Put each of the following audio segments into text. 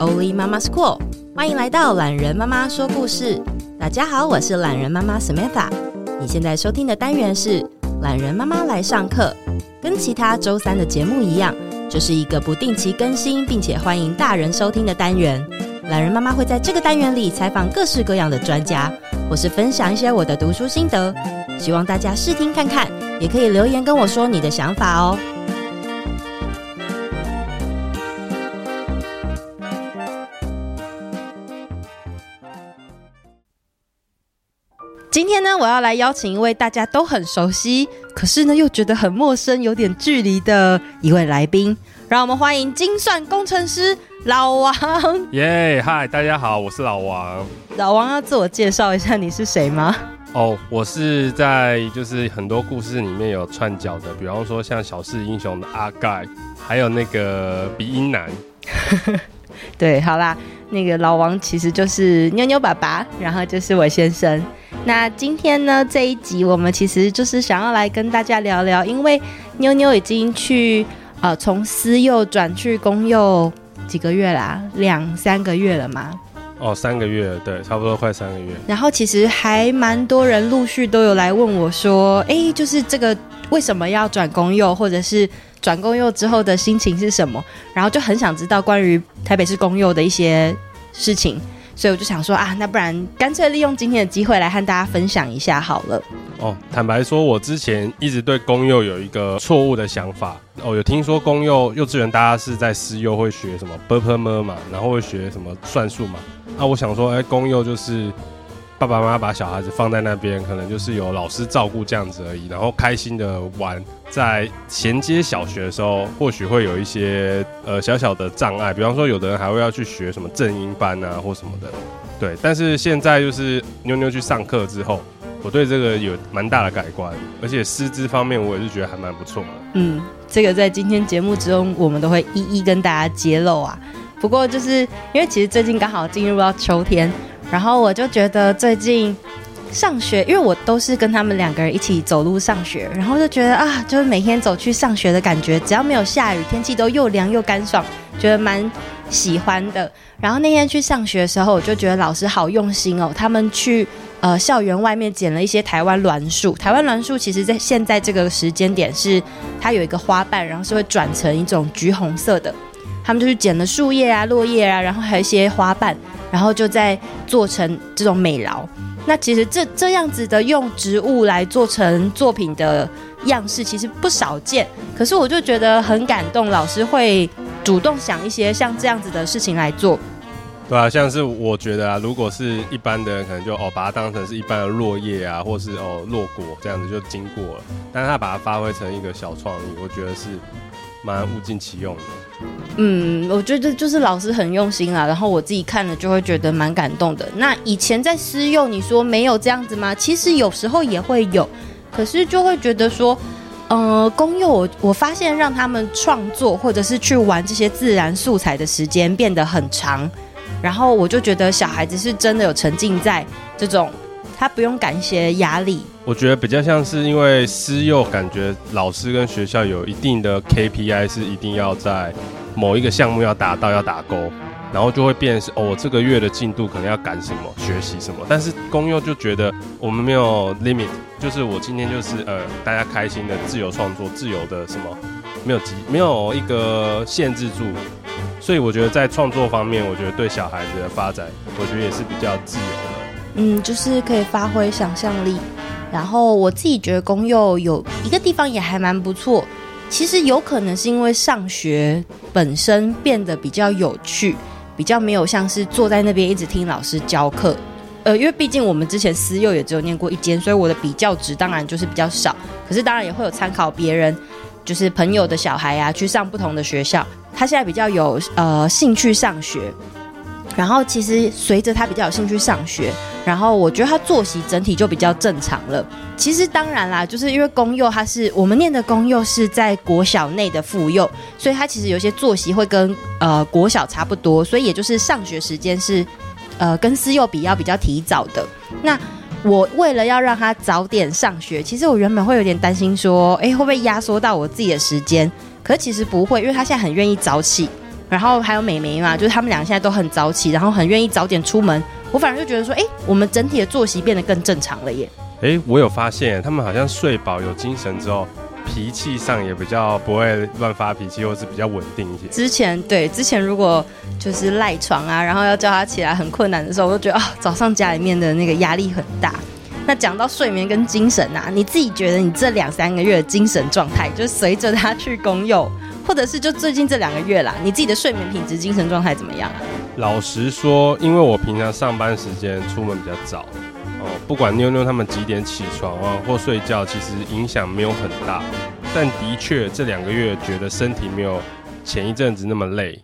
Oli Mama School，歡迎來到欖仁媽媽說故事。大家好，我是欖仁媽媽 Samantha。你現在收聽的單元是欖仁媽媽來上課，跟其他週三的節目一樣，就是一個不定期更新，並且歡迎大人收聽的單元。欖仁媽媽會在這個單元裡採訪各式各樣的專家，或是分享一些我的讀書心得。希望大家試聽看看，也可以留言跟我說你的想法哦。今天呢，我要來邀請一位大家都很熟悉，可是呢又覺得很陌生、有點距離的一位來賓，讓我們歡迎精算工程師老王。耶，嗨，大家好，我是老王。老王要自我介紹一下，你是誰嗎？哦，oh, 我是在就是很多故事裡面有串腳的，比方說像《小四英雄》的阿蓋，還有那個鼻音男。 對，好啦，那個老王其實就是妞妞爸爸，然後就是我先生。那今天呢，這一集我們其實就是想要來跟大家聊聊，因為妞妞已經去呃從私幼轉去公幼幾個月啦，兩三個月了嘛。哦，三個月了，對，差不多快三個月。然後其實還蠻多人陸續都有來問我說，誒，就是這個為什麼要轉公幼，或者是。轉公幼之後的心情是什麼？然後就很想知道關於台北市公幼的一些事情，所以我就想說啊，那不然乾脆利用今天的機會來和大家分享一下好了。哦，坦白說，我之前一直對公幼有一個錯誤的想法。哦，有聽說公幼幼稚園，大家是在私幼會學什麼 ㄅㄆㄇ 嘛，然後會學什麼算術嘛？那、啊、我想說，哎、欸，公幼就是。爸爸媽媽把小孩子放在那邊，可能就是有老師照顧這樣子而已，然後開心的玩。在銜接小學的時候，或許會有一些呃小小的障礙，比方說有的人還會要去學什麼正音班啊或什麼的。對，但是現在就是妞妞去上課之後，我對這個有蠻大的改觀，而且師資方面我也是覺得還蠻不錯的。嗯，這個在今天節目之中我們都會一一跟大家揭露啊。不過就是因為其實最近剛好進入到秋天。然後我就覺得最近上學，因為我都是跟他們兩個人一起走路上學，然後就覺得啊，就是每天走去上學的感覺，只要沒有下雨，天氣都又涼又乾爽，覺得蠻喜歡的。然後那天去上學的時候，我就覺得老師好用心哦。他們去呃校園外面撿了一些台灣欒樹，台灣欒樹其實在現在這個時間點是它有一個花瓣，然後是會轉成一種橘紅色的。他們就是撿了樹葉啊、落葉啊，然後還有一些花瓣。然後就再做成這種美勞，那其實這這樣子的用植物來做成作品的樣式，其實不少見。可是我就覺得很感動，老師會主動想一些像這樣子的事情來做。對啊，像是我覺得啊，如果是一般的人，可能就哦把它當成是一般的落葉啊，或是哦落果這樣子就經過了，但是他把它發揮成一個小創意，我覺得是蠻物盡其用的。嗯，我覺得就是老師很用心啊，然後我自己看了就會覺得蠻感動的。那以前在私幼，你說沒有這樣子嗎？其實有時候也會有，可是就會覺得說，呃，公幼我我發現讓他們創作或者是去玩這些自然素材的時間變得很長，然後我就覺得小孩子是真的有沉浸在這種，他不用感謝壓力。我覺得比較像是因為私幼，感覺老師跟學校有一定的 KPI，是一定要在某一個項目要達到要打勾，然後就會變成是哦，我這個月的進度可能要趕什麼學習什麼。但是公幼就覺得我們沒有 limit，就是我今天就是呃，大家開心的自由創作，自由的什麼沒有幾沒有一個限制住，所以我覺得在創作方面，我覺得對小孩子的發展，我覺得也是比較自由的。嗯，就是可以發揮想象力。然後我自己覺得公幼有一個地方也還蠻不錯，其實有可能是因為上學本身變得比較有趣，比較沒有像是坐在那邊一直聽老師教課。呃，因為畢竟我們之前私幼也只有念過一間，所以我的比較值當然就是比較少。可是當然也會有參考別人，就是朋友的小孩呀，啊，去上不同的學校，他現在比較有呃興趣上學。然後其實隨着他比較有興趣上學，然後我覺得他作息整體就比較正常了。其實當然啦，就是因為公幼他是我們念的公幼是在國小內的附幼，所以他其實有些作息會跟呃國小差不多，所以也就是上學時間是呃跟私幼比較比較提早的。那我為了要讓他早點上學，其實我原本會有點擔心說，哎會不會壓縮到我自己的時間？可是其實不會，因為他現在很願意早起。然後還有美眉嘛，就是他們倆現在都很早起，然後很願意早點出門。我反而就覺得說，哎，我們整體的作息變得更正常了耶。哎，我有發現，他們好像睡飽有精神之後，脾氣上也比較不會亂發脾氣，或是比較穩定一些。之前對，之前如果就是賴床啊，然後要叫他起來很困難的時候，我都覺得哦，早上家裡面的那個壓力很大。那講到睡眠跟精神吶、啊，你自己覺得你這兩三個月的精神狀態，就隨着他去公幼。或者是就最近這兩個月啦，你自己的睡眠品質、精神狀態怎麼樣啊？老實說，因為我平常上班時間出門比較早，哦，不管妞妞他們幾點起床啊，或睡覺，其實影響沒有很大。但的確這兩個月覺得身體沒有前一陣子那麼累。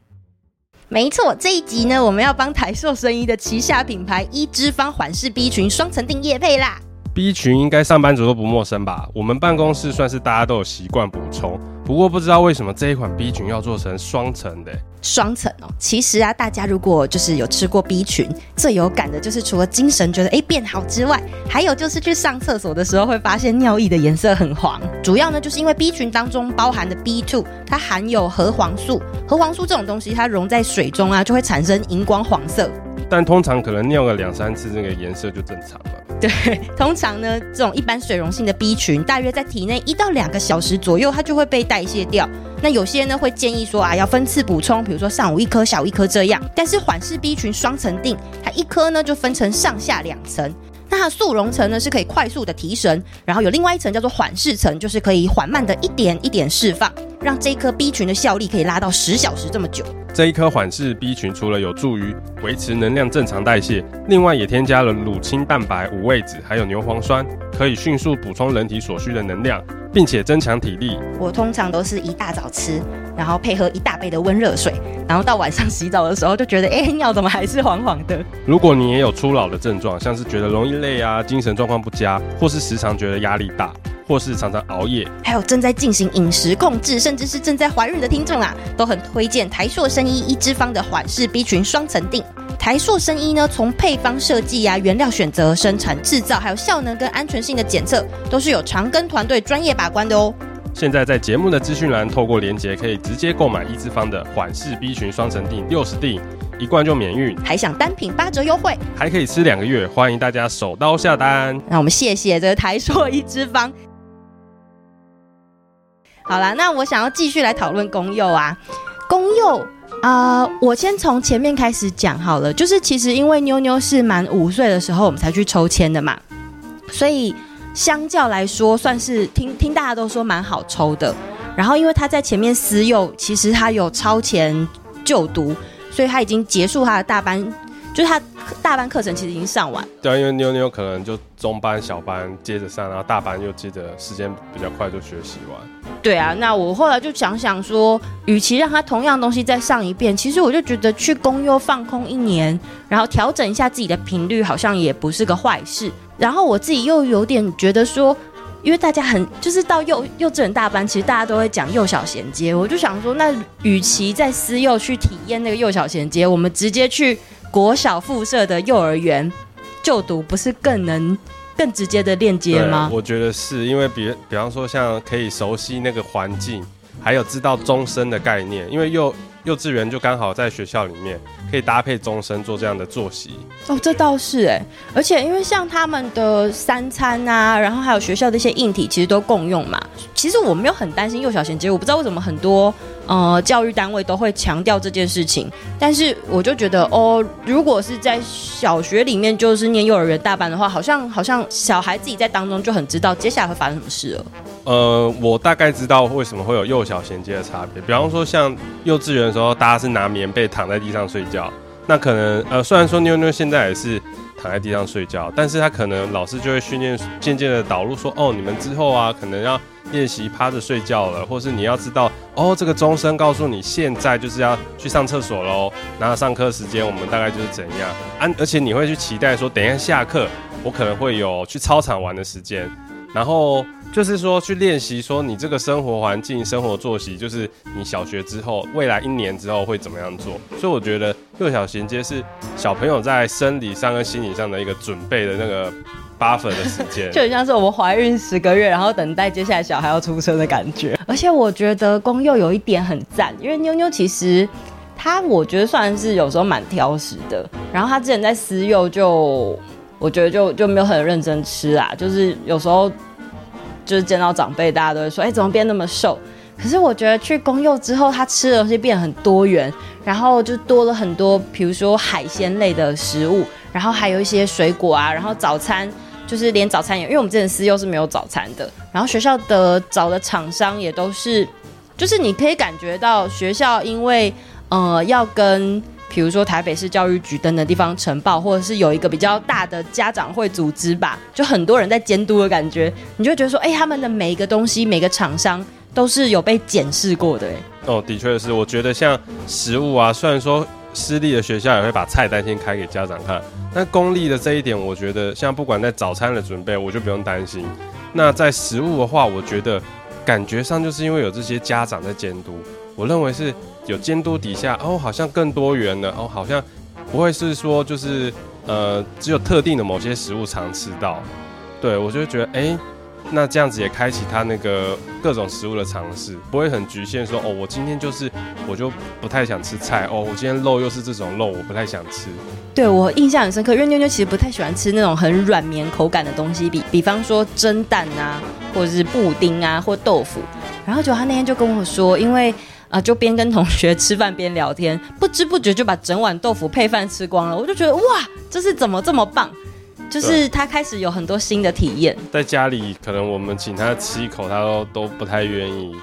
沒錯，這一集呢，我們要幫台塑生醫的旗下品牌醫之方緩釋 B 群雙層錠業配啦。B 群應該上班族都不陌生吧？我們辦公室算是大家都有習慣補充。不過不知道為什麼這一款 B 群要做成雙層的欸。雙層哦，其實啊，大家如果就是有吃過 B 群，最有感的就是除了精神覺得哎變好之外，還有就是去上廁所的時候會發現尿液的顏色很黃。主要呢，就是因為 B 群當中包含的 B2，它含有核黃素。核黃素這種東西，它溶在水中啊，就會產生熒光黃色。但通常可能尿個兩三次，那、這個顏色就正常了。對，通常呢，這種一般水溶性的 B 群，大約在體內一到兩個小時左右，它就會被代謝掉。那有些人呢，會建議說啊，要分次補充，比如說上午一顆，下午一顆這樣。但是緩釋 B 群雙層錠，它一顆呢就分成上下兩層。那它的速溶層呢，是可以快速的提神，然後有另外一層叫做緩釋層，就是可以緩慢的一點一點釋放，讓這一顆 B 群的效力可以拉到十小時這麼久。這一顆緩釋 B 群除了有助於維持能量正常代謝，另外也添加了乳清蛋白、五味子還有牛磺酸，可以迅速補充人體所需的能量，並且增強體力。我通常都是一大早吃。然後配合一大杯的溫熱水，然後到晚上洗澡的時候就覺得，哎，尿怎麼還是黃黃的？如果你也有初老的症狀，像是覺得容易累啊，精神狀況不佳，或是時常覺得壓力大，或是常常熬夜，還有正在進行飲食控制，甚至是正在懷孕的聽眾啊，都很推薦台塑生醫醫之方的緩釋 B 群雙層錠。台塑生醫呢，從配方設計呀、啊、原料選擇、生產製造，還有效能跟安全性的檢測，都是有長庚團隊專業把關的哦。現在在節目的資訊欄，透過連結可以直接購買醫之方的緩釋 B 群雙層錠六十錠，一罐就免運，還想單品八折優惠，還可以吃兩個月，歡迎大家手刀下單。那我們謝謝這個台塑醫之方。 好了，那我想要繼續來討論公幼啊，公幼啊、呃，我先從前面開始講好了，就是其實因為妞妞是滿五歲的時候我們才去抽籤的嘛，所以。相較來說，算是聽聽大家都說蠻好抽的。然後，因為他在前面私幼，其實他有超前就讀，所以他已經結束他的大班，就是他大班課程其實已經上完。對啊，因為妞妞可能就中班、小班接着上，然後大班又接着，時間比較快就學習完。對啊，那我後來就想想說，與其讓他同樣東西再上一遍，其實我就覺得去公幼放空一年，然後調整一下自己的頻率，好像也不是個壞事。然後我自己又有點覺得說，因為大家很就是到幼幼稚園大班，其實大家都會講幼小銜接，我就想說，那與其在私幼去體驗那個幼小銜接，我們直接去國小附設的幼兒園就讀，不是更能更直接的鏈接嗎？對啊，我覺得是因為比比方說，像可以熟悉那個環境，還有知道終身的概念，因為幼。幼稚園就剛好在學校裡面，可以搭配中生做這樣的作息哦。這倒是哎。對而且因為像他們的三餐啊，然後還有學校的一些硬體，其實都共用嘛。其實我沒有很擔心幼小銜接，我不知道為什麼很多。呃，教育單位都會強調這件事情，但是我就覺得哦，如果是在小學裡面，就是念幼兒園大班的話，好像好像小孩自己在當中就很知道接下來會發生什麼事了。呃，我大概知道為什麼會有幼小銜接的差別，比方說像幼稚園的時候，大家是拿棉被躺在地上睡覺。那可能，呃，雖然說妞妞現在也是躺在地上睡覺，但是她可能老師就會訓練，漸漸的導入說，哦，你們之後啊，可能要練習趴着睡覺了，或是你要知道，哦，這個鐘聲告訴你現在就是要去上廁所嘍。那上課時間我們大概就是怎樣？啊，而且你會去期待說，等一下下課，我可能會有去操場玩的時間。然後就是說，去練習說你這個生活環境、生活作息，就是你小學之後、未來一年之後會怎麼樣做。所以我覺得幼小銜接是小朋友在生理上跟心理上的一個準備的那個 buffer 的時間， 就很像是我們懷孕十個月，然後等待接下來小孩要出生的感覺。而且我覺得公幼有一點很讚，因為妞妞其實她我覺得算是有時候蠻挑食的，然後她之前在私幼就。我覺得就就沒有很認真吃啊，就是有時候就是見到長輩，大家都會說，哎、欸，怎麼變那麼瘦？可是我覺得去公幼之後，他吃的東西變得很多元，然後就多了很多，比如說海鮮類的食物，然後還有一些水果啊，然後早餐就是連早餐也，因為我們之前私幼是沒有早餐的，然後學校的找的廠商也都是，就是你可以感覺到學校因為呃要跟。比如說台北市教育局登的地方晨報，或者是有一個比較大的家長會組織吧，就很多人在監督的感覺，你就會覺得說，哎、欸，他們的每一個東西，每個廠商都是有被檢視過的、欸，哎。哦，的確是，我覺得像食物啊，雖然說私立的學校也會把菜單先開給家長看，但公立的這一點，我覺得像不管在早餐的準備，我就不用擔心。那在食物的話，我覺得感覺上就是因為有這些家長在監督。我認為是有監督底下哦，好像更多元了哦，好像不會是說就是呃，只有特定的某些食物常吃到。對，我就覺得哎、欸，那這樣子也開啟他那個各種食物的嘗試，不會很局限說哦，我今天就是我就不太想吃菜哦，我今天肉又是這種肉，我不太想吃。對，我印象很深刻，因為妞妞其實不太喜歡吃那種很軟綿口感的東西比，比比方說蒸蛋啊，或者是布丁啊，或豆腐。然後結果，他那天就跟我說，因為。啊，就邊跟同學吃飯邊聊天，不知不覺就把整碗豆腐配飯吃光了。我就覺得哇，這是怎麼這麼棒？就是他開始有很多新的體驗。在家裡可能我們請他吃一口，他都都不太願意。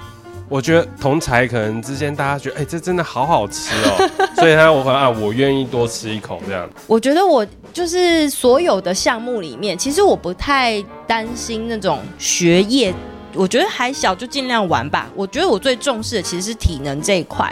我覺得同儕可能之前大家覺得哎、欸，這真的好好吃哦、喔， 所以他我很啊，我願意多吃一口這樣。我覺得我就是所有的項目裡面，其實我不太擔心那種學業。我覺得還小就盡量玩吧。我覺得我最重視的其實是體能這一塊。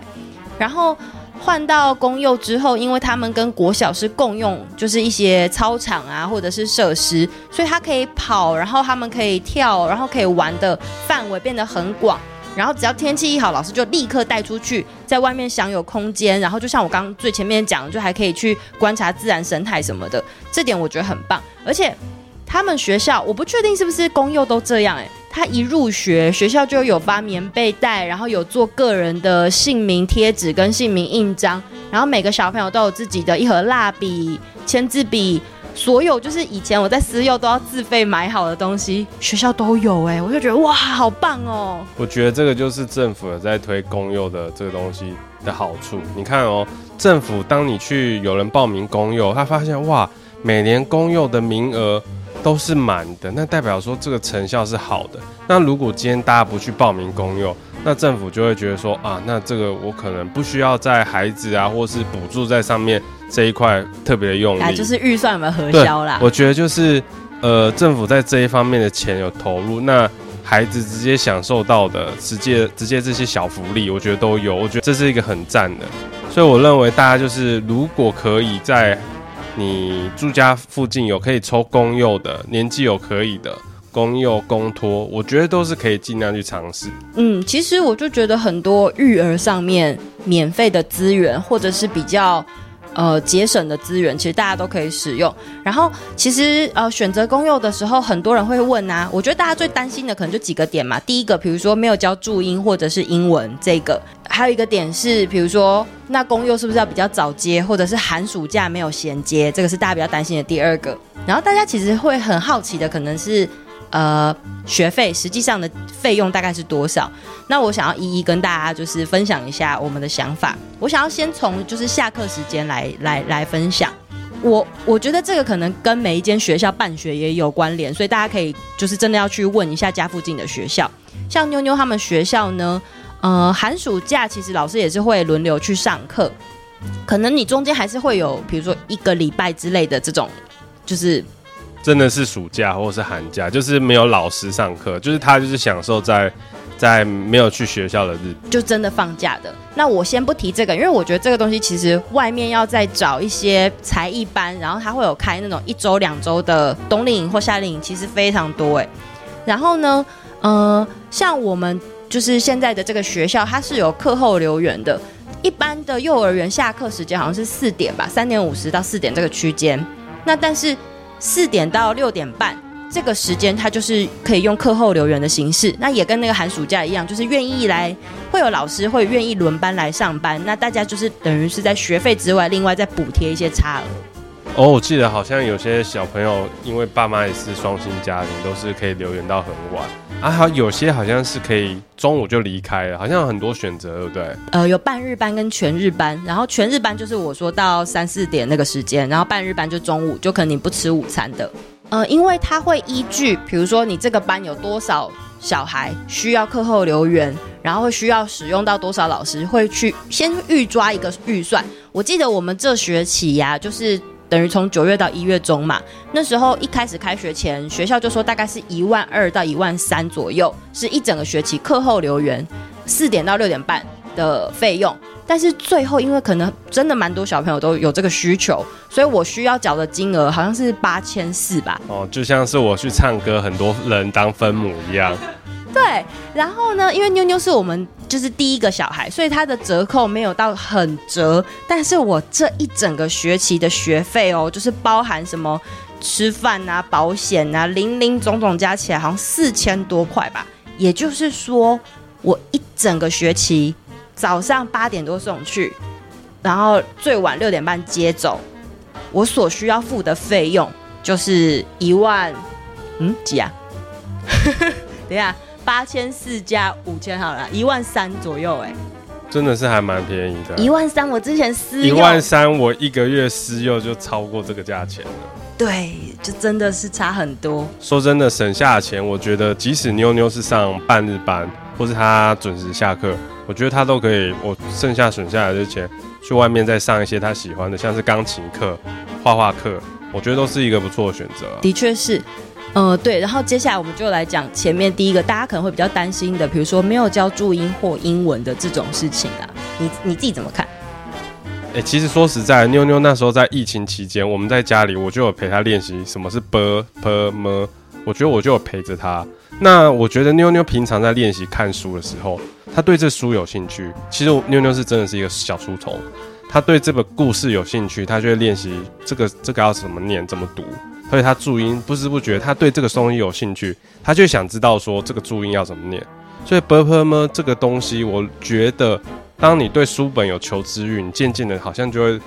然後換到公幼之後，因為他們跟國小是共用，就是一些操場啊或者是設施，所以他可以跑，然後他們可以跳，然後可以玩的範圍變得很廣。然後只要天氣一好，老師就立刻帶出去，在外面享有空間。然後就像我剛剛最前面講的，就還可以去觀察自然生態什麼的，這點我覺得很棒。而且他們學校，我不確定是不是公幼都這樣，欸，哎。他一入學，學校就有發棉被袋，然後有做個人的姓名貼紙跟姓名印章，然後每個小朋友都有自己的一盒蠟筆、簽字筆，所有就是以前我在私幼都要自費買好的東西，學校都有哎，我就覺得哇，好棒哦！我覺得這個就是政府在推公幼的這個東西的好處。你看哦，政府當你去有人報名公幼，他發現哇，每年公幼的名額都是滿的，那代表說這個成效是好的。那如果今天大家不去報名公幼，那政府就會覺得說啊，那這個我可能不需要在孩子啊，或是補助在上面這一塊特別的用力，啊，就是預算有沒有核銷啦？我覺得就是呃，政府在這一方面的錢有投入，那孩子直接享受到的直接直接這些小福利，我覺得都有。我覺得這是一個很讚的，所以我認為大家就是如果可以在，嗯。你住家附近有可以抽公幼的，年紀有可以的，公幼、公托，我覺得都是可以儘量去嘗試。嗯，其實我就覺得很多育兒上面免費的資源，或者是比較。呃，節省的資源其實大家都可以使用。然後，其實呃，選擇公幼的時候，很多人會問啊，我覺得大家最擔心的可能就幾個點嘛。第一個，比如說沒有教注音或者是英文，這個；還有一個點是，比如說那公幼是不是要比較早接，或者是寒暑假沒有銜接，這個是大家比較擔心的第二個。然後大家其實會很好奇的，可能是。呃，學費實際上的費用大概是多少？那我想要一一跟大家就是分享一下我們的想法。我想要先從就是下課時間來來來分享。我我覺得這個可能跟每一間學校辦學也有關聯，所以大家可以就是真的要去問一下家附近的學校。像妞妞他們學校呢，呃，寒暑假其實老師也是會輪流去上課，可能你中間還是會有比如說一個禮拜之類的這種就是。真的是暑假或者是寒假，就是沒有老師上課，就是他就是享受在在沒有去學校的日子，就真的放假的。那我先不提這個，因為我覺得這個東西其實外面要再找一些才藝班，然後他會有開那種一週兩週的冬令營或夏令營，其實非常多哎。然後呢，嗯、呃，像我們就是現在的這個學校，它是有課後留園的。一般的幼兒園下課時間好像是四點吧，三點五十到四點這個區間。那但是。四點到六點半這個時間，他就是可以用課後留園的形式，那也跟那個寒暑假一樣，就是願意來，會有老師會願意輪班來上班。那大家就是等於是在學費之外，另外再補貼一些差額。哦，我記得好像有些小朋友因為爸媽也是雙薪家庭，都是可以留園到很晚。啊，好，有些好像是可以中午就離開了，好像有很多選擇，對不對？呃，有半日班跟全日班，然後全日班就是我說到三四點那個時間，然後半日班就中午就可能你不吃午餐的。呃，因為它會依據，比如說你這個班有多少小孩需要課後留園，然後會需要使用到多少老師，會去先預抓一個預算。我記得我們這學期呀、啊，就是。等於從九月到一月中嘛，那時候一開始開學前，學校就說大概是一萬二到一萬三左右，是一整個學期課後留園四點到六點半的費用。但是最後，因為可能真的蠻多小朋友都有這個需求，所以我需要繳的金額好像是八千四吧。哦，就像是我去唱歌，很多人當分母一樣。 對，然後呢，因為妞妞是我們就是第一個小孩，所以他的折扣沒有到很折。但是我這一整個學期的學費哦，就是包含什麼吃飯啊、保險啊，零零總總加起來好像四千多塊吧。也就是說，我一整個學期早上八點多送去，然後最晚六點半接走，我所需要付的費用就是一萬，嗯，幾啊？ 等一下。八千四加五千，好了，一萬三左右哎，真的是還蠻便宜的。一萬三，我之前私一萬三，我一個月私幼就超過這個價錢了。對，就真的是差很多。說真的，省下的錢，我覺得即使妞妞是上半日班，或是她準時下課，我覺得她都可以。我剩下省下來的錢，去外面再上一些她喜歡的，像是鋼琴課、畫畫課，我覺得都是一個不錯的選擇。的確是。嗯，對，然後接下來我們就來講前面第一個大家可能會比較擔心的，比如說沒有教注音或英文的這種事情啊，你你自己怎麼看？哎、欸，其實說實在，妞妞那時候在疫情期間，我們在家裡我就有陪她練習什麼是 b p m，我覺得我就有陪着她。那我覺得妞妞平常在練習看書的時候，她對這書有興趣。其實妞妞是真的是一個小書蟲，她對這個故事有興趣，她就會練習這個這個要怎麼念怎麼讀。所以他，注音不知不覺，他對這個聲音有興趣，他就想知道說這個注音要怎麼念。所以 book 嘛，這個東西，我覺得，當你對書本有求知欲，你漸漸的，好像就會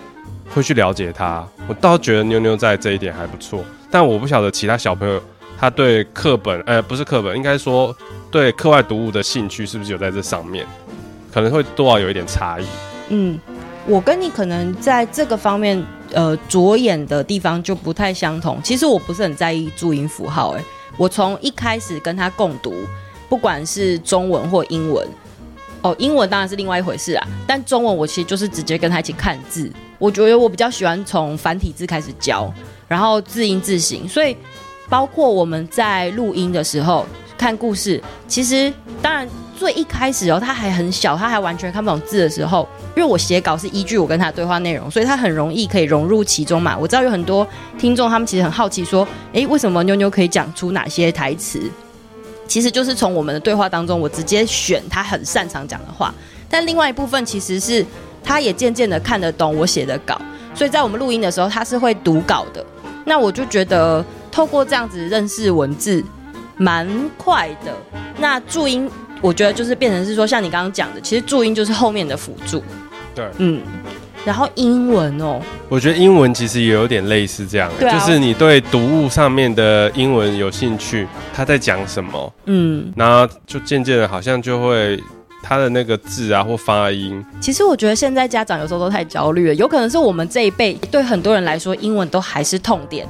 會去了解它。我倒覺得妞妞在這一點還不錯，但我不曉得其他小朋友他對課本，呃，不是課本，應該說對課外讀物的興趣是不是有在這上面，可能會多少有一點差異。嗯，我跟你可能在這個方面。呃，着眼的地方就不太相同。其實我不是很在意注音符號、欸，哎，我從一開始跟他共讀，不管是中文或英文，哦，英文當然是另外一回事啊。但中文我其實就是直接跟他一起看字，我覺得我比較喜歡從繁體字開始教，然後字音字形。所以包括我們在錄音的時候看故事，其實當然。所以一開始、哦，然後他還很小，他還完全看不懂字的時候，因為我寫稿是依據我跟他的對話內容，所以他很容易可以融入其中嘛。我知道有很多聽眾，他們其實很好奇，說：“哎、欸，為什麼妞妞可以講出哪些台詞？”其實就是從我們的對話當中，我直接選他很擅長講的話。但另外一部分其實是，他也漸漸的看得懂我寫的稿，所以在我們錄音的時候，他是會讀稿的。那我就覺得透過這樣子認識文字，蠻快的。那注音。我覺得就是變成是說，像你剛剛講的，其實注音就是後面的輔助。對，嗯，然後英文哦，我覺得英文其實也有點類似這樣，對啊，就是你對讀物上面的英文有興趣，他在講什麼，嗯，然後就漸漸的，好像就會他的那個字啊或發音。其實我覺得現在家長有時候都太焦慮了，有可能是我們這一輩，對很多人來說，英文都還是痛點。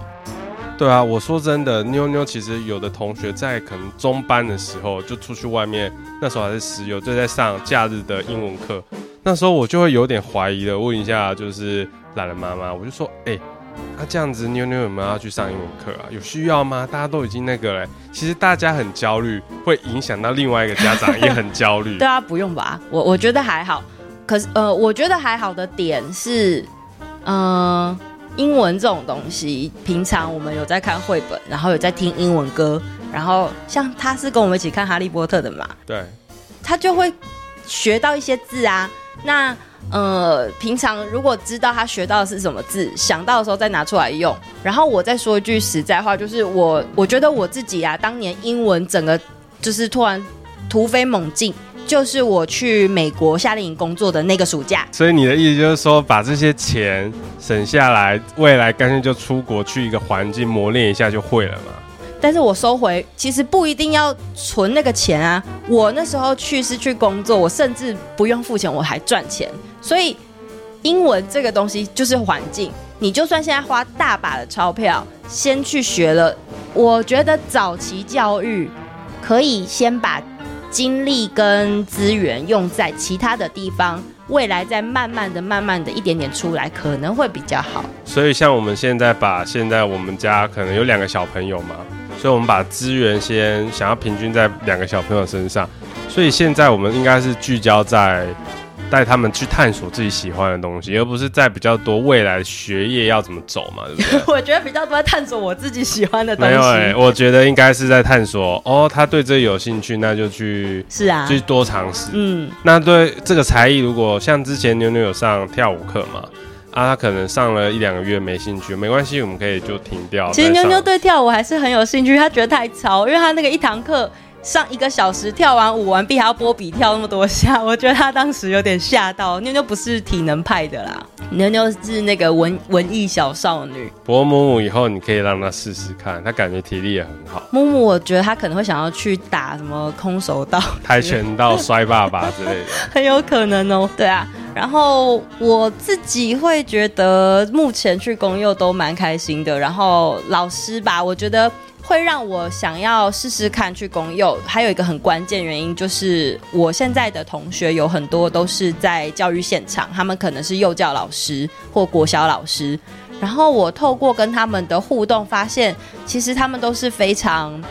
對啊，我說真的，妞妞其實有的同學在可能中班的時候就出去外面，那時候還是石油就在上假日的英文課，那時候我就會有點懷疑的問一下，就是欖仁媽媽，我就說，哎，那這樣子妞妞有沒有要去上英文課啊？有需要嗎？大家都已經那個了、欸，其實大家很焦慮，會影響到另外一個家長也很焦慮。 對啊，不用吧，我我覺得還好，可是呃，我覺得還好的點是，嗯。英文這種東西，平常我們有在看繪本，然後有在聽英文歌，然後像他是跟我們一起看《哈利波特》的嘛，對，他就會學到一些字啊。那呃，平常如果知道他學到的是什麼字，想到的時候再拿出來用。然後我再說一句實在話，就是我我覺得我自己啊，當年英文整個就是突然突飛猛進。就是我去美國夏令營工作的那個暑假。所以你的意思就是說，把這些錢省下來，未來乾脆就出國去一個環境磨練一下就會了嘛？但是我收回，其實不一定要存那個錢啊。我那時候去是去工作，我甚至不用付錢，我還賺錢。所以英文這個東西就是環境，你就算現在花大把的鈔票先去學了，我覺得早期教育可以先把。精力跟資源用在其他的地方，未來再慢慢的、慢慢的、一點點出來，可能會比較好。所以，像我們現在把現在我們家可能有兩個小朋友嘛，所以我們把資源先想要平均在兩個小朋友身上。所以現在我們應該是聚焦在。帶他們去探索自己喜歡的東西，而不是在比較多未來學業要怎麼走嘛，對不對？ 我覺得比較多在探索我自己喜歡的東西。沒有、欸，哎，我覺得應該是在探索哦。他對這有興趣，那就去是啊，去多嘗試。嗯，那對這個才藝，如果像之前妞妞有上跳舞課嘛，啊，他可能上了一兩個月沒興趣，沒關係，我們可以就停掉。其實妞妞對跳舞還是很有興趣，他覺得太潮，因為他那個一堂課。上一個小時跳完舞完畢，還要波比跳那麼多下，我覺得他當時有點嚇到。妞妞不是體能派的啦，妞妞是那個文文藝小少女。不過木木以後你可以讓他試試看，他感覺體力也很好。木木，我覺得他可能會想要去打什麼空手道、跆拳道、摔爸爸之類的， 很有可能哦、喔。對啊，然後我自己會覺得目前去公幼都蠻開心的。然後老師吧，我覺得。會讓我想要試試看去公幼，還有一個很關鍵原因就是我現在的同學有很多都是在教育現場，他們可能是幼教老師或國小老師，然後我透過跟他們的互動發現，其實他們都是非常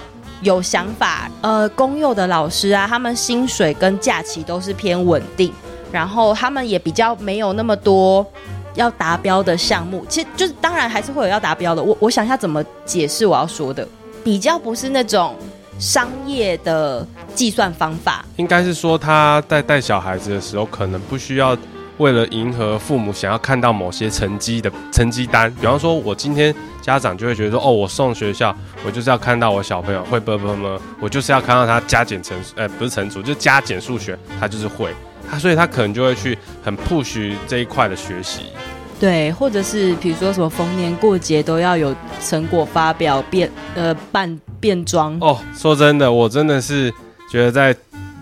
有想法。呃，公幼的老師啊，他們薪水跟假期都是偏穩定，然後他們也比較沒有那麼多要達標的項目。其實就是當然還是會有要達標的，我我想一下怎麼解釋我要說的。比較不是那種商業的計算方法，應該是說他在帶小孩子的時候，可能不需要為了迎合父母想要看到某些成績的成績單。比方說，我今天家長就會覺得說，哦，我送學校，我就是要看到我小朋友會不不不，我就是要看到他加減乘呃，欸、不是乘除，就加減數學，他就是會他，所以他可能就會去很 push 這一塊的學習。對，或者是比如說什麼逢年過節都要有成果發表變、呃扮，變呃扮變裝哦。說真的，我真的是覺得在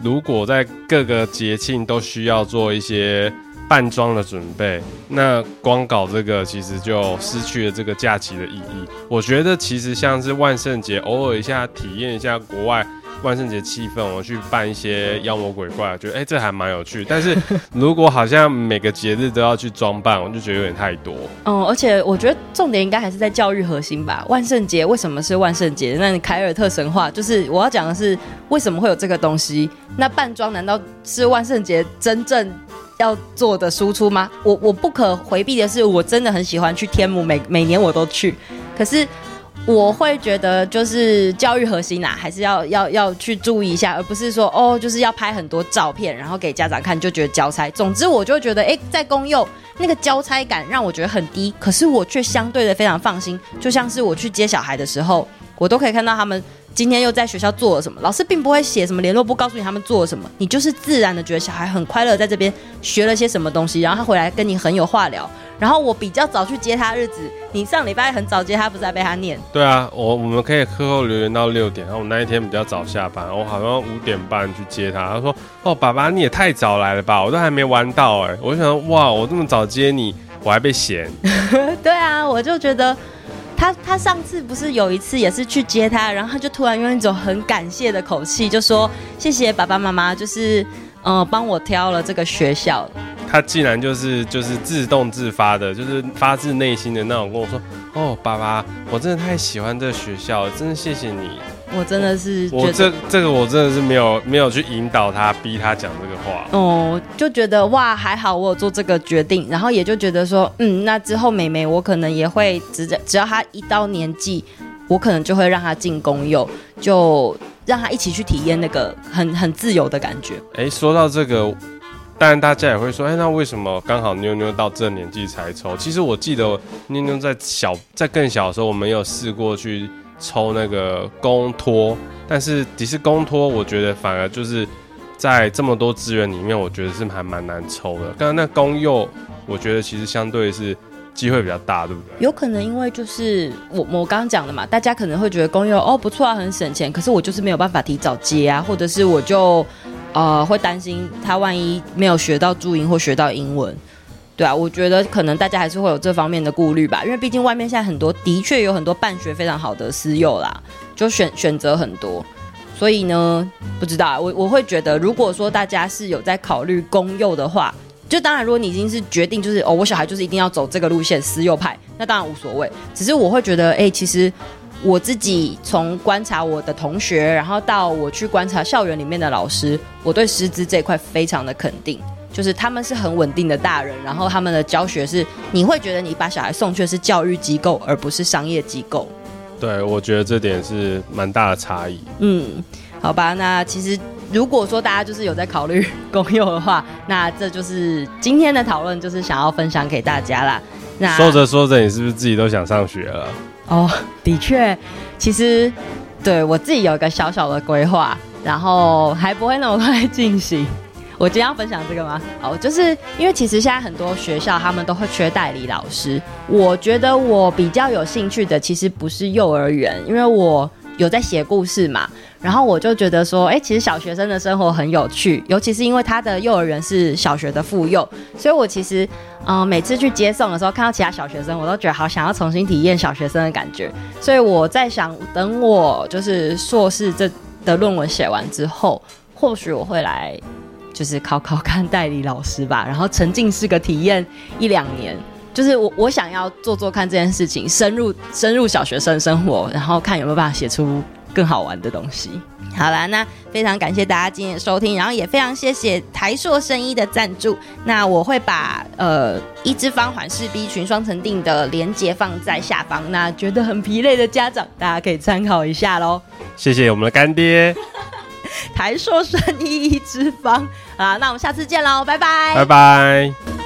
如果在各個節慶都需要做一些扮裝的準備，那光搞這個其實就失去了這個假期的意義。我覺得其實像是萬聖節，偶爾一下體驗一下國外。萬聖節氣氛，我去扮一些妖魔鬼怪，覺得哎、欸，這還蠻有趣。 但是如果好像每個節日都要去裝扮，我就覺得有點太多。嗯，而且我覺得重點應該還是在教育核心吧。萬聖節為什麼是萬聖節？那你凱爾特神話就是我要講的是為什麼會有這個東西。那扮裝難道是萬聖節真正要做的輸出嗎？我我不可迴避的是，我真的很喜歡去天母，每每年我都去。可是。我會覺得，就是教育核心吶、啊，還是要要要去注意一下，而不是說哦，就是要拍很多照片，然後給家長看就覺得交差。總之，我就覺得，哎，在公幼那個交差感讓我覺得很低，可是我卻相對的非常放心。就像是我去接小孩的時候，我都可以看到他們。今天又在學校做了什麼？老師並不會寫什麼聯絡簿告訴你他們做了什麼，你就是自然的覺得小孩很快樂在這邊學了些什麼東西，然後他回來跟你很有話聊。然後我比較早去接他日子，你上禮拜很早接他，不是還被他念？對啊，我我們可以課後留園到六點，然後我那一天比較早下班，我好像五點半去接他，他說：“哦，爸爸你也太早來了吧，我都還沒玩到哎、欸。”我就想說：“哇，我這麼早接你，我還被嫌。” 對啊，我就覺得。他他上次不是有一次也是去接他，然後他就突然用一種很感謝的口氣，就說謝謝爸爸媽媽，就是呃幫我挑了這個學校。他竟然就是就是自動自發的，就是發自內心的那種跟我說，哦爸爸，我真的太喜歡這個學校了，真的謝謝你。我真的是覺得，覺這這個我真的是沒有沒有去引導他，逼他講這個話。哦，oh, 就覺得哇，還好我有做這個決定，然後也就覺得說，嗯，那之後妹妹我可能也會只只要她一到年紀，我可能就會讓她進公幼，就讓她一起去體驗那個很很自由的感覺。哎、欸，說到這個，當然大家也會說，哎、欸，那為什麼剛好妞妞到這年紀才抽？其實我記得妞妞在小在更小的時候，我們有試過去。抽那個公托，但是只是公托，我覺得反而就是在這麼多資源裡面，我覺得是還蠻難抽的。剛剛那公幼，我覺得其實相對的是機會比較大，對不對？有可能因為就是我我剛剛講的嘛，大家可能會覺得公幼哦不錯啊，很省錢，可是我就是沒有辦法提早接啊，或者是我就呃會擔心他萬一沒有學到注音或學到英文。對啊，我覺得可能大家還是會有這方面的顧慮吧，因為畢竟外面現在很多的確有很多辦學非常好的私幼啦，就選選擇很多，所以呢，不知道啊，我我會覺得，如果說大家是有在考慮公幼的話，就當然如果你已經是決定就是哦，我小孩就是一定要走這個路線私幼派，那當然無所謂，只是我會覺得，哎、欸，其實我自己從觀察我的同學，然後到我去觀察校園裡面的老師，我對師資這一塊非常的肯定。就是他們是很穩定的大人，然後他們的教學是你會覺得你把小孩送去的是教育機構，而不是商業機構。對，我覺得這點是蠻大的差異。嗯，好吧，那其實如果說大家就是有在考慮公幼的話，那這就是今天的討論，就是想要分享給大家啦。那說着說着，你是不是自己都想上學了？哦，的確，其實對我自己有一個小小的規劃，然後還不會那麼快進行。我今天要分享這個嗎？好，就是因為其實現在很多學校他們都會缺代理老師。我覺得我比較有興趣的，其實不是幼兒園，因為我有在寫故事嘛。然後我就覺得說，哎、欸，其實小學生的生活很有趣，尤其是因為他的幼兒園是小學的附幼，所以我其實，嗯，每次去接送的時候，看到其他小學生，我都覺得好想要重新體驗小學生的感覺。所以我在想，等我就是碩士這的論文寫完之後，或許我會來。就是考考看代理老師吧，然後沉浸式個體驗一兩年，就是我我想要做做看這件事情，深入深入小學生生活，然後看有沒有辦法寫出更好玩的東西。好啦，那非常感謝大家今天的收聽，然後也非常謝謝台塑生醫的贊助。那我會把呃醫之方緩釋 B 群雙層錠的連接放在下方，那覺得很疲累的家長，大家可以參考一下嘍。謝謝我們的乾爹。 台塑生醫醫之方啊，那我們下次見嘍，拜拜，拜拜。